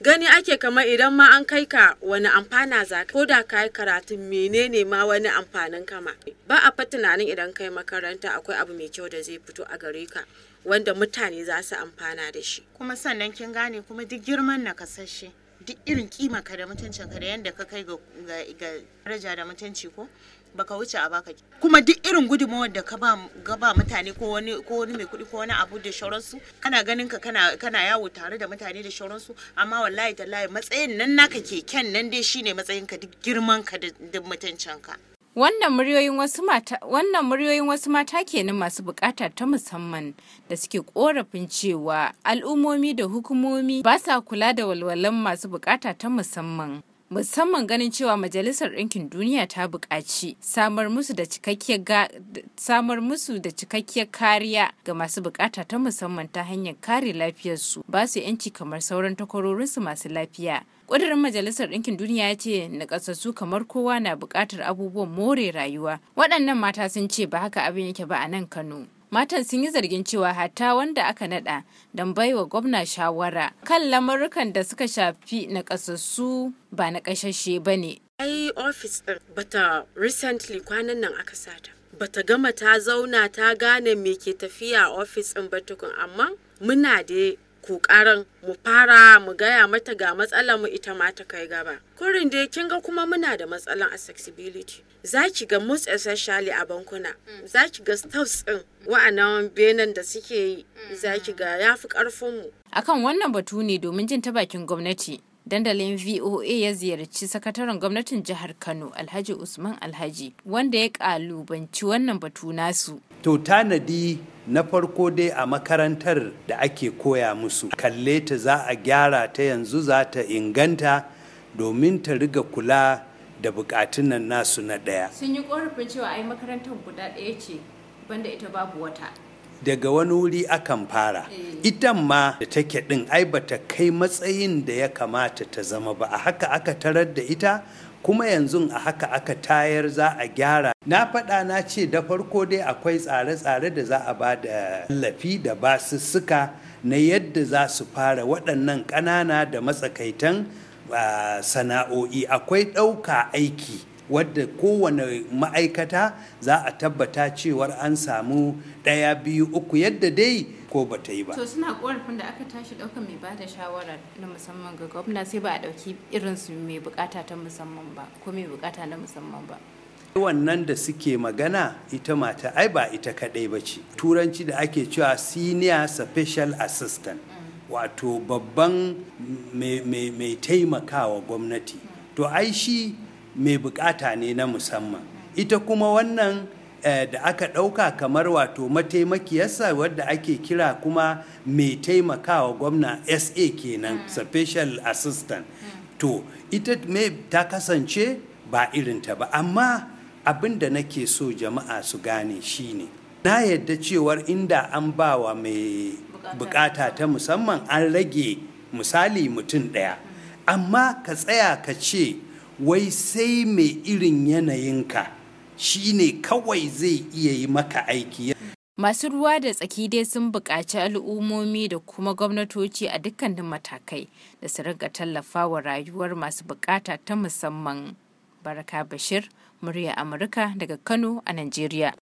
gani ake kamar idan ma an kai ka wani amfana za ko da ka yi karatun menene ma wani amfanin kama ba a fa tunanin idan kai makaranta akwai abu mai kyau da zai fito a gare ka wanda mutane za su amfana da shi kuma sannan kin gane kuma duk girman na kasashe duk irin kima ka da mutuncin ka da yadda ka kai ga daraja da mutunci ko baka wuce a baka kuma duk irin gudunmawar da ka ba mutane ko wani ko wani mai kuɗi ko wani abu da shauransu kana ganin ka kana yawo tare da mutane da shauransu amma wallahi tallahi matsayin nan naka keken nan dai shine matsayin ka duk girman ka da mutuncin ka Wannan muryoyin wasu mata wannan muryoyin wasu mata kenan masu bukata ta musamman da suke korafin cewa al'ummomi da hukumomi ba sa kula da walwalan masu bukata ta musamman. musamman ganin cewa majalisar ɗinkin duniya ta buƙaci samar musu da cikakkiyar kariya ga masu buƙata ta musamman ta hanyar kare lafiyarsu ba su 'yanci kamar sauran takwarorinsu masu lafiya ƙudurin majalisar ɗinkin duniya ya ce nakasassu kamar kowa na buƙatar abubuwan more rayuwa waɗannan mata sun ce ba haka abin yake ba a nan kano matan sun yi zargin cewa hatta wanda aka nada don baiwa gwamna shawara kan lamarukan da suka shafi na kasassu ba na kashashe ba ne. ai ofis ɗin bata recently kwanan nan aka sata bata gama ta zauna ta gane me ke tafiya ofis ɗin ba tukun amma muna da ku mu fara mu gaya mata ga matsalar mu ita ma ta kai gaba kurin da kin ga kuma muna da matsalar accessibility za ki ga most especially a bankuna mm. za ki ga staffs ɗin wa'annan benin da suke yi mm. za ki ga yafi karfin mu akan wannan batu ne domin jin ta bakin gwamnati dandalin voa ya ziyarci sakataren gwamnatin jihar kano alhaji usman alhaji wanda ya kalubanci wannan batu nasu to tanadi na farko dai a makarantar da ake koya musu kalle ta za a gyara ta yanzu za ta inganta domin ta riga kula da bukatun nasu na ɗaya sun yi korafin cewa ai makarantar guda ɗaya ce banda ita babu wata daga wani wuri akan fara e. ita ma da take ɗin ai ba ta kai matsayin da ya kamata ta zama ba a haka aka tarar da ita kuma yanzu a haka aka tayar za a gyara na faɗa na ce da farko dai akwai tsare-tsare da za a ba da tallafi da basussuka na yadda za su fara waɗannan ƙanana da matsakaitan sana'o'i akwai ɗauka aiki wadda kowane ma'aikata za a tabbata cewar an samu ɗaya biyu uku yadda dai ko ba ta yi ba. To suna korafin da aka tashi ɗaukar mai ba da shawara na musamman ga gwamna sai ba a ɗauki irinsu mai bukata ta musamman ba ko mai bukata na musamman ba. wannan da suke magana ita mata ai ba ita kaɗai ba ce turanci da ake cewa senior special assistant mm. wato babban mai taimakawa gwamnati mm. to ai shi mai bukata ne na musamman mm. ita kuma wannan Eh, da aka ɗauka kamar wato mataimakiyarsa wadda ake kira kuma mai taimakawa gwamna sa kenan hmm. special assistant hmm. to ita mai ta kasance ba irinta ba amma abin da nake so jama'a su gane shine na yadda cewar inda an bawa mai bukata ta musamman an rage misali mutum ɗaya hmm. amma ka tsaya ka ce wai sai mai irin yanayinka shi ne kawai zai iya yi maka aiki. Masu ruwa da tsaki dai sun buƙaci al'ummomi da kuma gwamnatoci a dukkanin matakai da su riga tallafa wa rayuwar masu buƙata ta musamman. Baraka Bashir, murya Amurka daga Kano a Najeriya.